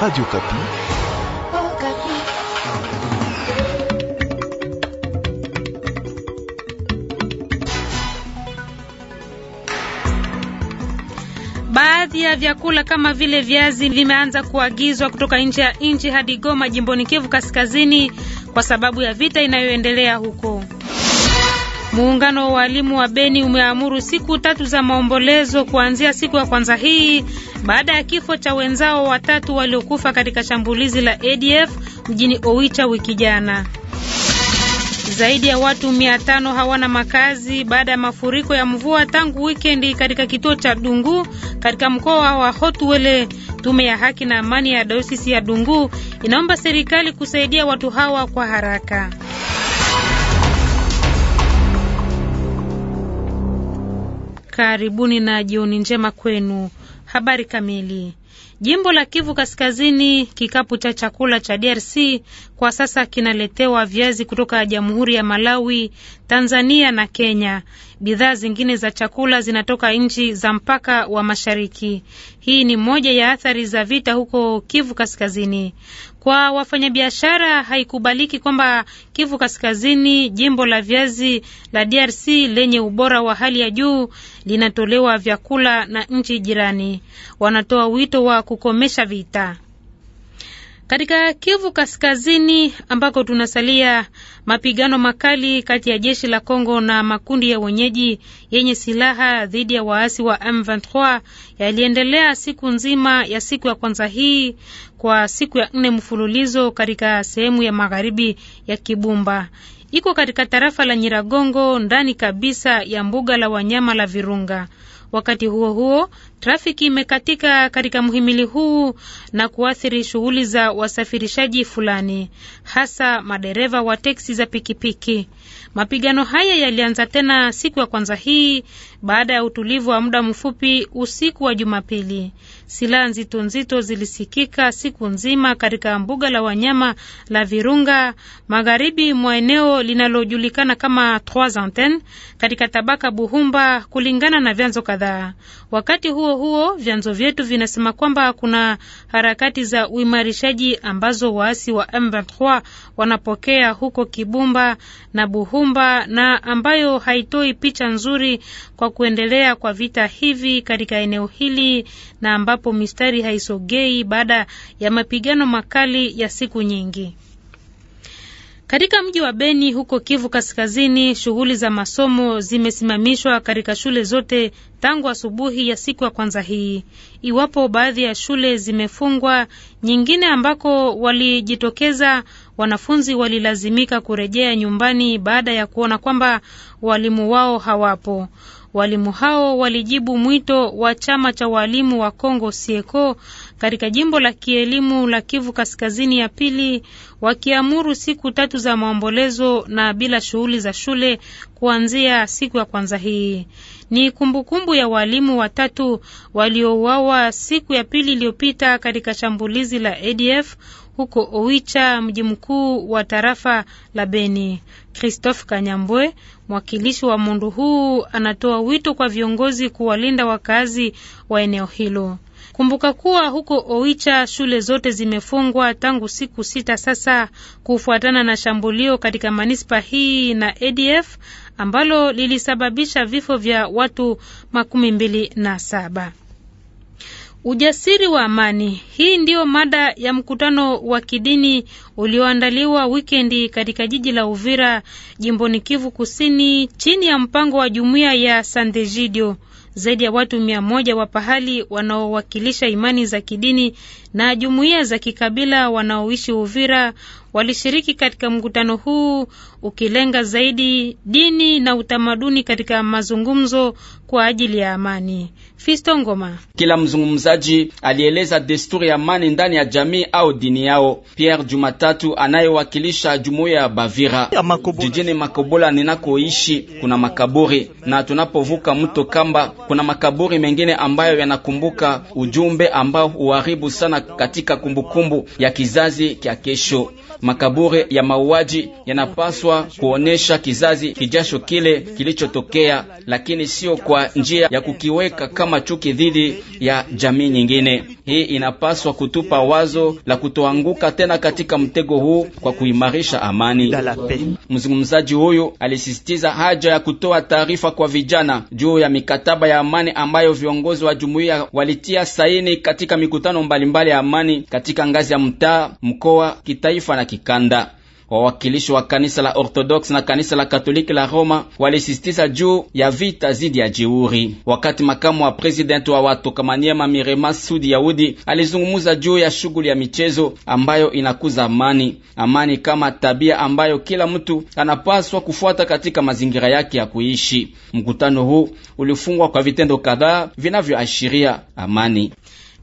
Radio Kapi. Oh, Kapi. Baadhi ya vyakula kama vile viazi vimeanza kuagizwa kutoka nje ya nchi hadi Goma jimboni Kivu Kaskazini kwa sababu ya vita inayoendelea huko. Muungano wa walimu wa Beni umeamuru siku tatu za maombolezo kuanzia siku ya kwanza hii baada ya kifo cha wenzao watatu waliokufa katika shambulizi la ADF mjini Oicha wiki jana. Zaidi ya watu mia tano hawana makazi baada ya mafuriko ya mvua tangu wikendi katika kituo cha Dungu katika mkoa wa Hotwele. Tume ya haki na amani ya dayosisi ya Dungu inaomba serikali kusaidia watu hawa kwa haraka. Karibuni na jioni njema kwenu. Habari kamili. Jimbo la Kivu Kaskazini, kikapu cha chakula cha DRC kwa sasa kinaletewa viazi kutoka Jamhuri ya Malawi Tanzania na Kenya. Bidhaa zingine za chakula zinatoka nchi za mpaka wa mashariki. Hii ni moja ya athari za vita huko Kivu Kaskazini. Kwa wafanyabiashara, haikubaliki kwamba Kivu Kaskazini, jimbo la viazi la DRC lenye ubora wa hali ya juu, linatolewa vyakula na nchi jirani. Wanatoa wito wa kukomesha vita. Katika Kivu Kaskazini ambako tunasalia, mapigano makali kati ya jeshi la Kongo na makundi ya wenyeji yenye silaha dhidi ya waasi wa M23 yaliendelea siku nzima ya siku ya kwanza hii kwa siku ya nne mfululizo katika sehemu ya magharibi ya Kibumba iko katika tarafa la Nyiragongo ndani kabisa ya mbuga la wanyama la Virunga. Wakati huo huo, Trafiki imekatika katika mhimili huu na kuathiri shughuli za wasafirishaji fulani, hasa madereva wa teksi za pikipiki. Mapigano haya yalianza tena siku ya kwanza hii baada ya utulivu wa muda mfupi usiku wa Jumapili. Silaha nzito nzito zilisikika siku nzima katika mbuga la wanyama la Virunga, magharibi mwa eneo linalojulikana kama Trois Antennes katika tabaka Buhumba, kulingana na vyanzo kadhaa. Wakati huo huo huo, vyanzo vyetu vinasema kwamba kuna harakati za uimarishaji ambazo waasi wa M23 wanapokea huko Kibumba na Buhumba na ambayo haitoi picha nzuri kwa kuendelea kwa vita hivi katika eneo hili na ambapo mistari haisogei baada ya mapigano makali ya siku nyingi. Katika mji wa Beni huko Kivu Kaskazini, shughuli za masomo zimesimamishwa katika shule zote tangu asubuhi ya siku ya kwanza hii. Iwapo baadhi ya shule zimefungwa, nyingine ambako walijitokeza wanafunzi walilazimika kurejea nyumbani baada ya kuona kwamba walimu wao hawapo. Walimu hao walijibu mwito wa chama cha walimu wa Kongo sieko katika jimbo la kielimu la Kivu Kaskazini ya pili, wakiamuru siku tatu za maombolezo na bila shughuli za shule kuanzia siku ya kwanza hii. Ni kumbukumbu kumbu ya walimu watatu waliouawa siku ya pili iliyopita katika shambulizi la ADF huko Oicha, mji mkuu wa tarafa la Beni. Christophe Kanyambwe, mwakilishi wa mundu huu, anatoa wito kwa viongozi kuwalinda wakazi wa eneo hilo. Kumbuka kuwa huko Oicha shule zote zimefungwa tangu siku sita sasa kufuatana na shambulio katika manispa hii na ADF ambalo lilisababisha vifo vya watu makumi mbili na saba. Ujasiri wa amani. Hii ndiyo mada ya mkutano wa kidini ulioandaliwa wikendi katika jiji la Uvira, jimboni Kivu Kusini, chini ya mpango wa jumuiya ya Sandejidio zaidi ya watu mia moja wa pahali wanaowakilisha imani za kidini na jumuiya za kikabila wanaoishi Uvira walishiriki katika mkutano huu ukilenga zaidi dini na utamaduni katika mazungumzo kwa ajili ya amani. Fisto Ngoma. Kila mzungumzaji alieleza desturi ya amani ndani ya jamii au dini yao. Pierre Jumatatu anayewakilisha jumuiya ya Bavira jijini Makobola ninakoishi kuna makaburi na tunapovuka mto Kamba kuna makaburi mengine ambayo yanakumbuka ujumbe ambao huharibu sana katika kumbukumbu ya kizazi kya kesho. Makaburi ya mauaji yanapaswa kuonesha kizazi kijasho kile kilichotokea, lakini sio kwa njia ya kukiweka kama chuki dhidi ya jamii nyingine. Hii inapaswa kutupa wazo la kutoanguka tena katika mtego huu kwa kuimarisha amani. Mzungumzaji huyu alisisitiza haja ya kutoa taarifa kwa vijana juu ya mikataba ya amani ambayo viongozi wa jumuiya walitia saini katika mikutano mbalimbali ya amani katika ngazi ya mtaa, mkoa, kitaifa na kikanda. Wawakilishi wa kanisa la Orthodox na kanisa la Katoliki la Roma walisisitiza juu ya vita zidi ya jeuri, wakati makamu wa presidenti wa watu Kamaniema Mirema Sudi Yaudi alizungumza juu ya shughuli ya michezo ambayo inakuza amani. Amani kama tabia ambayo kila mtu anapaswa kufuata katika mazingira yake ya kuishi. Mkutano huu ulifungwa kwa vitendo kadhaa vinavyoashiria amani.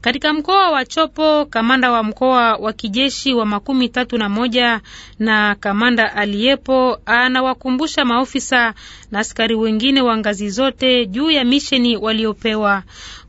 Katika mkoa wa Chopo, kamanda wa mkoa wa kijeshi wa makumi tatu na moja na kamanda aliyepo anawakumbusha maofisa na askari wengine wa ngazi zote juu ya misheni waliopewa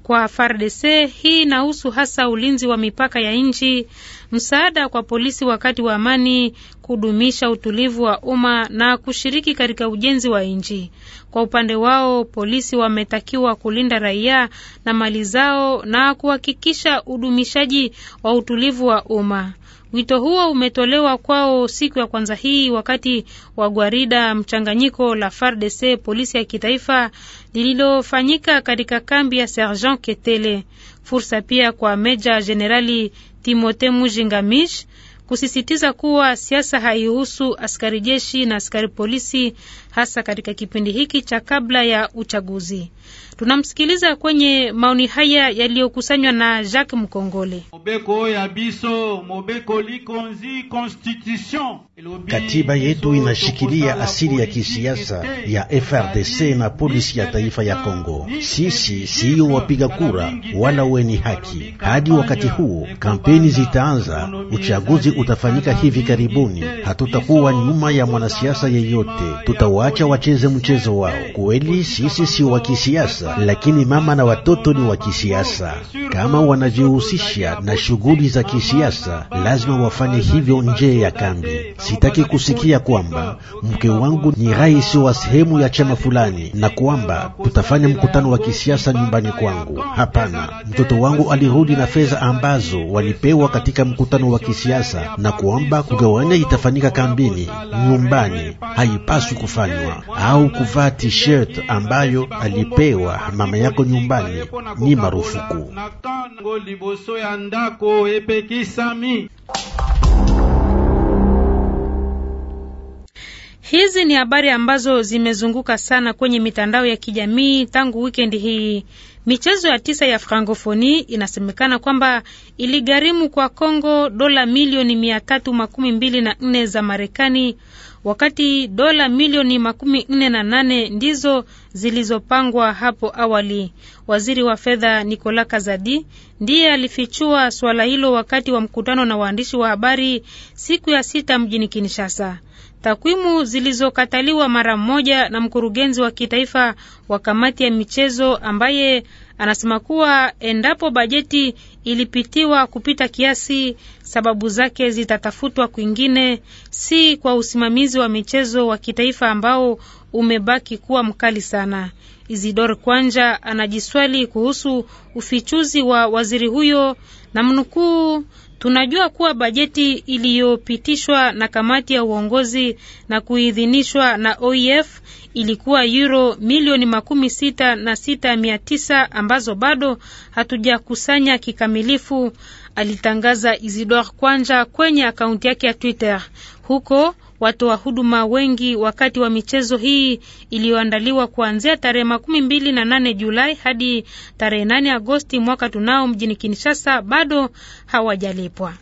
kwa FARDC. Hii inahusu hasa ulinzi wa mipaka ya nchi msaada kwa polisi wakati wa amani, kudumisha utulivu wa umma na kushiriki katika ujenzi wa nchi. Kwa upande wao, polisi wametakiwa kulinda raia na mali zao na kuhakikisha udumishaji wa utulivu wa umma. Wito huo umetolewa kwao siku ya kwanza hii wakati wa gwarida mchanganyiko la FARDC polisi ya kitaifa lililofanyika katika kambi ya sergent Ketele. Fursa pia kwa Meja Jenerali Timote Mujingamish kusisitiza kuwa siasa haihusu askari jeshi na askari polisi hasa katika kipindi hiki cha kabla ya uchaguzi. Tunamsikiliza kwenye maoni haya yaliyokusanywa na Jacques Mkongole. Katiba yetu inashikilia asili ya kisiasa ya FRDC na polisi ya taifa ya Kongo. Sisi siyo wapiga kura wala weni haki. Hadi wakati huo kampeni zitaanza, uchaguzi utafanyika hivi karibuni. Hatutakuwa nyuma ya mwanasiasa yeyote, tutawa acha wacheze mchezo wao. Kweli sisi si wa kisiasa, lakini mama na watoto ni wa kisiasa. Kama wanajihusisha na shughuli za kisiasa, lazima wafanye hivyo nje ya kambi. Sitaki kusikia kwamba mke wangu ni rais wa sehemu ya chama fulani na kwamba tutafanya mkutano wa kisiasa nyumbani kwangu. Hapana, mtoto wangu alirudi na fedha ambazo walipewa katika mkutano wa kisiasa na kwamba kugawanya itafanyika kambini, nyumbani haipaswi kufanya kubanwa au kuvaa t-shirt ambayo alipewa mama yako nyumbani ni marufuku. Hizi ni habari ambazo zimezunguka sana kwenye mitandao ya kijamii tangu wikendi hii. Michezo ya tisa ya Francofoni inasemekana kwamba iligharimu kwa Congo dola milioni mia tatu makumi mbili na nne za Marekani wakati dola milioni makumi nne na nane ndizo zilizopangwa hapo awali. Waziri wa fedha Nicolas Kazadi ndiye alifichua suala hilo wakati wa mkutano na waandishi wa habari siku ya sita mjini Kinshasa takwimu zilizokataliwa mara moja na mkurugenzi wa kitaifa wa kamati ya michezo ambaye anasema kuwa endapo bajeti ilipitiwa kupita kiasi, sababu zake zitatafutwa kwingine, si kwa usimamizi wa michezo wa kitaifa ambao umebaki kuwa mkali sana. Isidore Kwanja anajiswali kuhusu ufichuzi wa waziri huyo na mnukuu, tunajua kuwa bajeti iliyopitishwa na kamati ya uongozi na kuidhinishwa na OIF e ilikuwa euro milioni makumi sita na sita mia tisa ambazo bado hatujakusanya kikamilifu, alitangaza Isidore Kwanja kwenye akaunti yake ya Twitter huko watoa huduma wengi wakati wa michezo hii iliyoandaliwa kuanzia tarehe makumi mbili na nane Julai hadi tarehe nane Agosti mwaka tunao mjini Kinshasa bado hawajalipwa.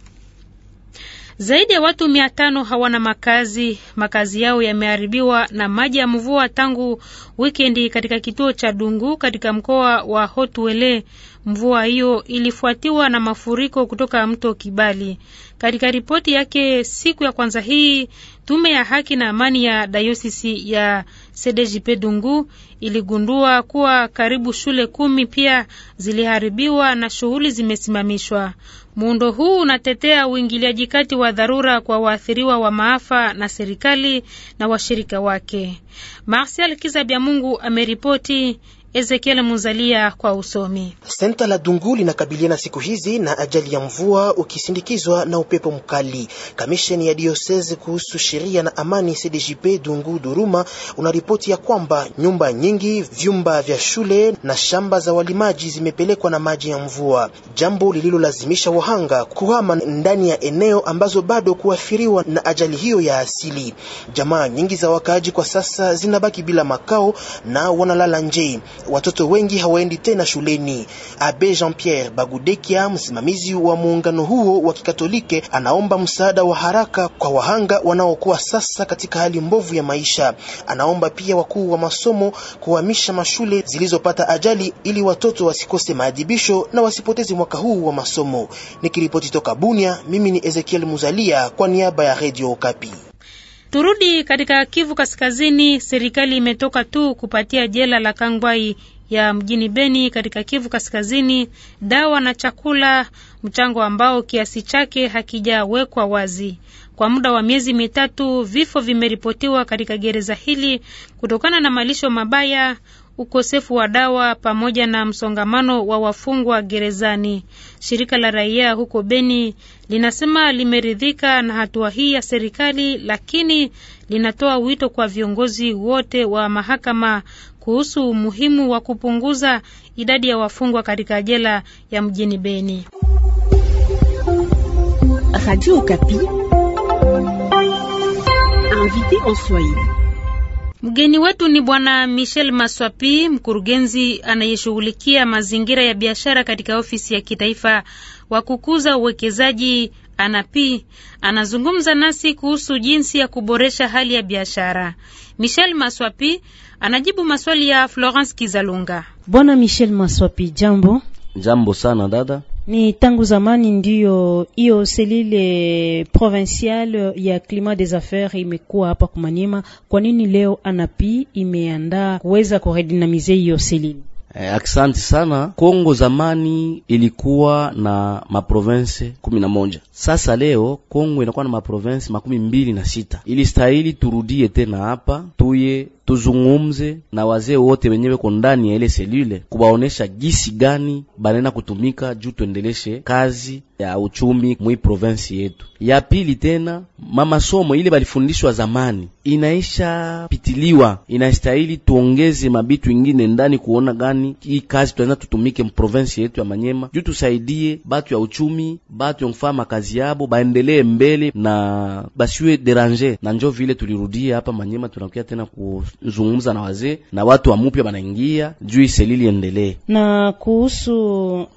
Zaidi ya watu mia tano hawana makazi. Makazi yao yameharibiwa na maji ya mvua tangu wikendi katika kituo cha Dungu katika mkoa wa Hotwele. Mvua hiyo ilifuatiwa na mafuriko kutoka mto Kibali. Katika ripoti yake siku ya kwanza hii, tume ya haki na amani ya dayosisi ya CDJP Dungu iligundua kuwa karibu shule kumi pia ziliharibiwa na shughuli zimesimamishwa. Muundo huu unatetea uingiliaji kati wa dharura kwa waathiriwa wa maafa na serikali na washirika wake. Marsial kizabya Mungu ameripoti. Ezekiel Muzalia kwa usomi. Senta la Dungu linakabiliana siku hizi na ajali ya mvua ukisindikizwa na upepo mkali. Kamisheni ya dioseze kuhusu sheria na amani CDJP Dungu Duruma unaripoti ya kwamba nyumba nyingi, vyumba vya shule na shamba za walimaji zimepelekwa na maji ya mvua, jambo lililolazimisha wahanga kuhama ndani ya eneo ambazo bado kuathiriwa na ajali hiyo ya asili. Jamaa nyingi za wakaaji kwa sasa zinabaki bila makao na wanalala nje watoto wengi hawaendi tena shuleni. Abe Jean Pierre Bagudekia, msimamizi wa muungano huo wa Kikatolike, anaomba msaada wa haraka kwa wahanga wanaokuwa sasa katika hali mbovu ya maisha. Anaomba pia wakuu wa masomo kuhamisha mashule zilizopata ajali ili watoto wasikose maadhibisho na wasipoteze mwaka huu wa masomo. Nikiripoti toka Bunia, mimi ni Ezekiel Muzalia kwa niaba ya Radio Okapi. Turudi katika Kivu Kaskazini. Serikali imetoka tu kupatia jela la Kangwai ya mjini Beni katika Kivu Kaskazini dawa na chakula, mchango ambao kiasi chake hakijawekwa wazi. Kwa muda wa miezi mitatu, vifo vimeripotiwa katika gereza hili kutokana na malisho mabaya, ukosefu wa dawa pamoja na msongamano wa wafungwa gerezani. Shirika la raia huko Beni linasema limeridhika na hatua hii ya serikali, lakini linatoa wito kwa viongozi wote wa mahakama kuhusu umuhimu wa kupunguza idadi ya wafungwa katika jela ya mjini Beni. Radio Okapi. Invité en Swahili. Mgeni wetu ni Bwana Michel Maswapi, mkurugenzi anayeshughulikia mazingira ya biashara katika ofisi ya kitaifa wa kukuza uwekezaji anapi. Anazungumza nasi kuhusu jinsi ya kuboresha hali ya biashara. Michel Maswapi anajibu maswali ya Florence Kizalunga. Bwana Michel Maswapi, jambo. Jambo sana dada. Ni tangu zamani ndiyo hiyo selile provincial ya climat des affaires imekuwa hapa Kumanyema. Kwa nini leo anapi imeandaa kuweza kuredinamize hiyo selile? Eh, aksanti sana. Kongo zamani ilikuwa na maprovense kumi na moja. Sasa leo Kongo inakuwa na maprovense makumi mbili na sita. Ilistahili turudie tena hapa tuye tuzungumze na wazee wote wenye weko ndani ya ile selule, kubaonesha gisi gani banena kutumika juu tuendeleshe kazi ya uchumi mwi provinsi yetu. Ya pili tena, mama somo ile balifundishwa zamani inaisha pitiliwa, inastahili tuongeze mabitu ingine ndani, kuona gani hii kazi tuanza tutumike mprovinsi yetu ya Manyema juu tusaidie batu ya uchumi, batu ya mfama kazi yabo baendelee mbele na basiwe deranger, na njo vile tulirudia hapa Manyema, tunakuya tena ku kuzungumza na wazee na watu wamupya wanaingia juu selili endelee. Na kuhusu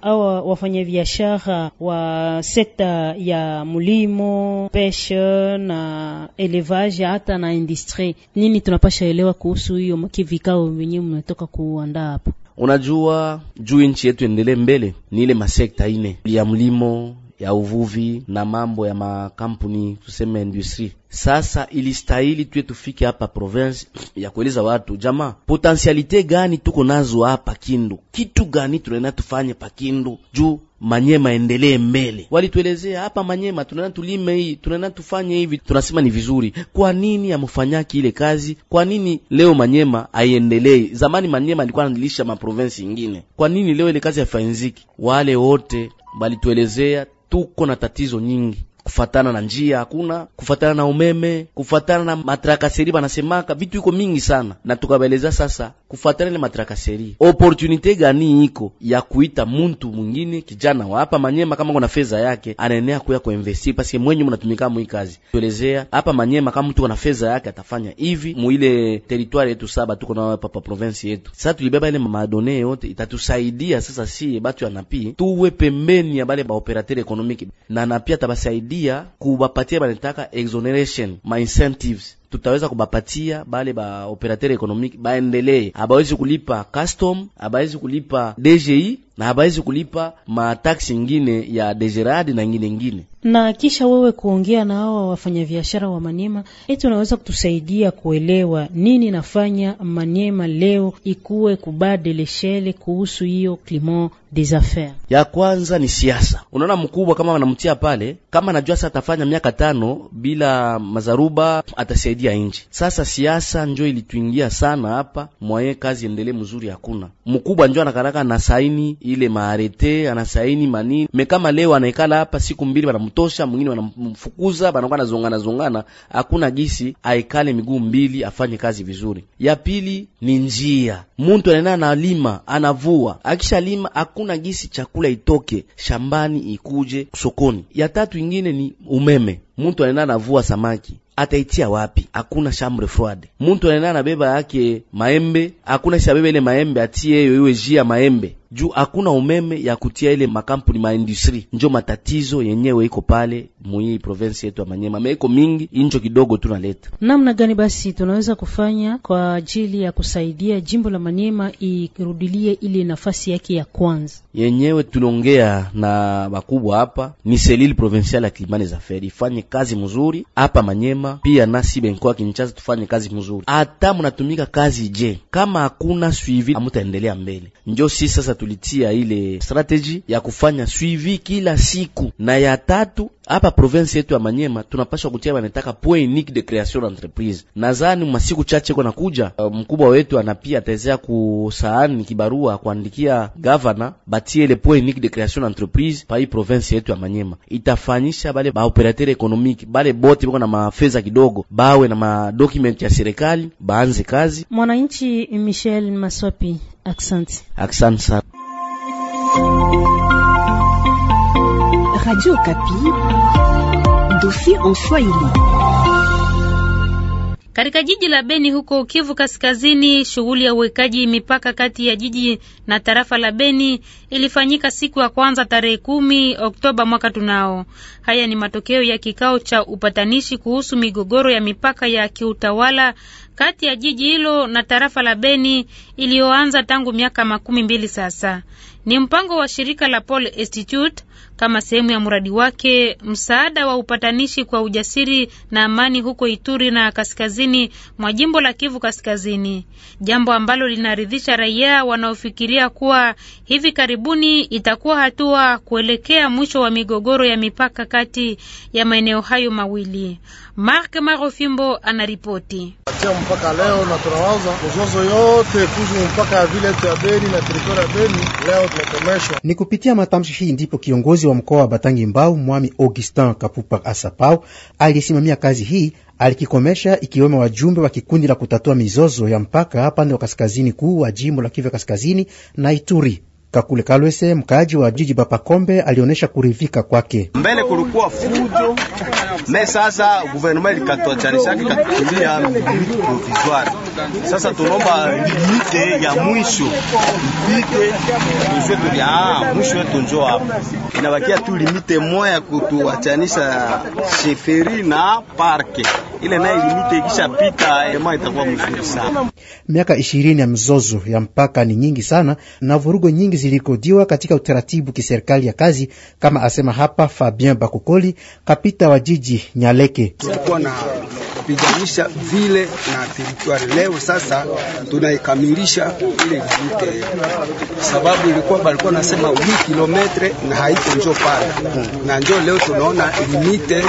awa biashara wa sekta ya mulimo, peshe na elevage hata na industrie, nini tunapasha elewa kuhusu hiyo mkivikao vyenyewe mmetoka kuandaa hapo? Unajua, juu nchi yetu endelee mbele ni ile masekta ine ya mlimo ya uvuvi na mambo ya makampuni tuseme industry. Sasa ilistahili tuye tufike hapa province ya kueleza watu jamaa, potensialite gani tuko nazo hapa Kindu, kitu gani tunaenda tufanye pa Kindu juu Manyema endelee mbele. Walituelezea hapa Manyema tunaenda tulime hii, tunaenda tufanye hivi, tunasema ni vizuri. Kwa nini amfanyaki ile kazi? Kwa nini leo Manyema aiendelee? Zamani Manyema alikuwa anadilisha maprovensi ingine, kwa nini leo ile kazi haifanyiki? Wale wote walituelezea tuko na tatizo nyingi kufatana na njia hakuna, kufatana na umeme, kufatana na matrakaseri, banasemaka vitu iko mingi sana, na tukabaeleza sasa kufuatana na matrakaseri, opportunite gani iko ya kuita muntu mwingine kijana wa hapa Manyema kama kuna fedha yake anaenea kuya kuinvesti paske mwenye mnatumika mwi kazi tuelezea hapa Manyema, kama mtu ana fedha yake atafanya hivi muile territoire yetu saba tuko na hapa pa province yetu. Sasa tulibeba ile madone yote itatusaidia sasa, si batu anapi tuwe pembeni ya bale ba operateur economique na napi atabasaidia kubapatia banataka exoneration ma incentives tutaweza kubapatia bale ba operateur economique baendelee, abawezi kulipa custom, abawezi kulipa DGI na habawezi kulipa mataksi ingine ya dejeradi na ingine ingine. Na kisha wewe kuongea na hawa wafanyabiashara wa Manyema, eti unaweza kutusaidia kuelewa nini nafanya Manyema leo ikuwe kubade leshele kuhusu hiyo climat des affaires. Ya kwanza ni siasa. Unaona mkubwa kama anamtia pale, kama anajua sasa atafanya miaka tano bila mazaruba, atasaidia nchi. Sasa siasa njo ilituingia sana hapa, mwaye kazi endelee mzuri, hakuna mkubwa njo anakaraka na saini ile maarete anasaini manini. Mekama leo anaikala hapa siku mbili, wanamtosha mwingine, wanamfukuza banakuwa nazongana zongana, hakuna gisi aikale miguu mbili afanye kazi vizuri. Ya pili ni njia, mtu anaenda analima, anavua, akisha lima hakuna gisi chakula itoke shambani ikuje sokoni. Ya tatu ingine ni umeme, mtu anaenda anavua samaki ataitia wapi? Hakuna chambre froide. Mtu anaenda anabeba yake maembe, hakuna shabebe ile maembe atie yoiwe jia maembe juu hakuna umeme ya kutia ile makampuni maindustri. Njo matatizo yenyewe iko pale muii province yetu ya Manyema, meiko mingi injo kidogo tunaleta namna gani. Basi tunaweza kufanya kwa ajili ya kusaidia jimbo la Manyema irudilie ile nafasi yake ya kwanza? Yenyewe tuliongea na bakubwa hapa, ni selili provinsiale ya za feri ifanye kazi mzuri hapa Manyema, pia nasi benkoa Kinshasa tufanye kazi mzuri. Hata mnatumika kazi, je, kama hakuna suivi amutaendelea mbele? Njo si sasa tulitia ile strategy ya kufanya suivi kila siku, na ya tatu hapa province yetu ya Manyema tunapaswa kutia wanataka point unique de creation d'entreprise. Nadhani masiku chache kwa nakuja uh, mkubwa wetu anapia ataweza kusahani kibarua kuandikia governor batie le point unique de creation d'entreprise pa hii province yetu ya Manyema, itafanyisha bale ba operateur economique bale bote biko na mafedha kidogo bawe na madocument ya serikali baanze kazi. Mwananchi Michel Maswapi, aksanti asante sana. Radio Kapi, dossier en Swahili. Katika jiji la Beni huko Kivu Kaskazini, shughuli ya uwekaji mipaka kati ya jiji na tarafa la Beni ilifanyika siku ya kwanza tarehe kumi Oktoba mwaka tunao. Haya ni matokeo ya kikao cha upatanishi kuhusu migogoro ya mipaka ya kiutawala kati ya jiji hilo na tarafa la Beni iliyoanza tangu miaka makumi mbili sasa. Ni mpango wa shirika la Paul Institute kama sehemu ya mradi wake msaada wa upatanishi kwa ujasiri na amani huko Ituri na kaskazini mwa jimbo la Kivu Kaskazini, jambo ambalo linaridhisha raia wanaofikiria kuwa hivi karibuni itakuwa hatua kuelekea mwisho wa migogoro ya mipaka kati ya maeneo hayo mawili. Mark Marofimbo anaripoti mpaka leo, na tunawaza mzozo yote kuzu mpaka vile ya Beni na teritoria ya Beni leo tunakomeshwa. Ni kupitia matamshi hii ndipo kiongozi wa mkoa wa Batangi Mbau Mwami Augustin Kapupa Asapau alisimamia kazi hii alikikomesha ikiwemo wajumbe wa kikundi la kutatua mizozo ya mpaka pande wa kaskazini kuu wa jimbo la Kivu kaskazini na Ituri. Kakule Kalwese, mkaaji wa jiji Bapakombe, alionyesha kuridhika kwake. Mbele kulikuwa fujo me sasa guvernema ilikatuachanisha ikatutumia provisoire. Sasa tunomba limite ya mwisho ipite ya ah, mwisho wetu njo hapa, inabakia tu limite moya kutuachanisha sheferi na parke ile naye limite ikishapita ema itakuwa mzuri sana. Miaka ishirini ya mzozo ya mpaka ni nyingi sana, na vurugo nyingi zilikodiwa katika utaratibu kiserikali ya kazi, kama asema hapa Fabien Bakukoli, kapita wa jiji kijiji Nyaleke kupiganisha vile na teritwari. Leo sasa tunaikamilisha ile limite, sababu ilikuwa balikuwa nasema 8 kilometre na haiko njo pale na njo leo tunaona limite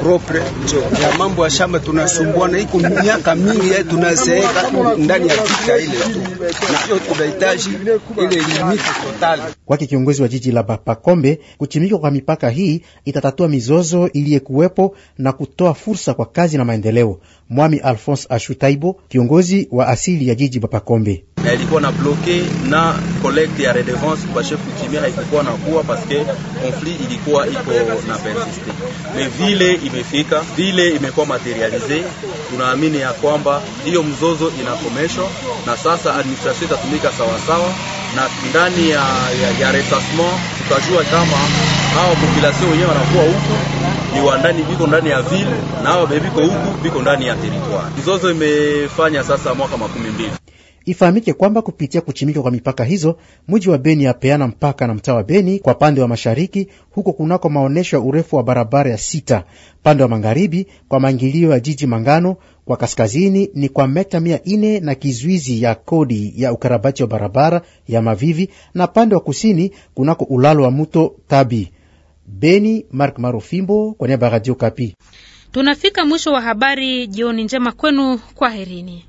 propre njo ya mambo ya shamba, tunasumbua na iko miaka mingi yetu tunazeeka ndani ya vita ile tu, na hiyo tunahitaji ile limite totale. Kwake kiongozi wa jiji la Pakombe, kuchimika kwa mipaka hii itatatua mizozo iliyekuwepo na kutoa fursa kwa kazi na maendeleo maendeleo Mwami Alphonse Ashutaibo, kiongozi wa asili ya jiji Bapakombe. na ilikuwa na bloke na collecte ya redevance bashefu kutimia haikukuwa na kuwa paske konflit ilikuwa iko na persiste, me vile imefika vile imekuwa materialize, tunaamini ya kwamba hiyo mzozo inakomeshwa na sasa administration itatumika sawasawa na ndani ya, ya, ya resasement tutajua kama hao population wenyewe wanakuwa huku viwandani viko ndani ya ville na hao viko huku viko ndani ya teritwari. Mizozo imefanya sasa mwaka makumi mbili. Ifahamike kwamba kupitia kuchimika kwa mipaka hizo mji wa Beni apeana mpaka na mtaa wa Beni kwa pande wa mashariki, huko kunako maonyesho ya urefu wa barabara ya sita, pande wa magharibi kwa maingilio ya jiji Mangano, kwa kaskazini ni kwa meta mia ine na kizuizi ya kodi ya ukarabati wa barabara ya Mavivi, na pande wa kusini kunako ulalo wa mto Tabi. Beni, Mark Marofimbo kwa niaba ya Radio Kapi. Tunafika mwisho wa habari jioni. Njema kwenu, kwaherini.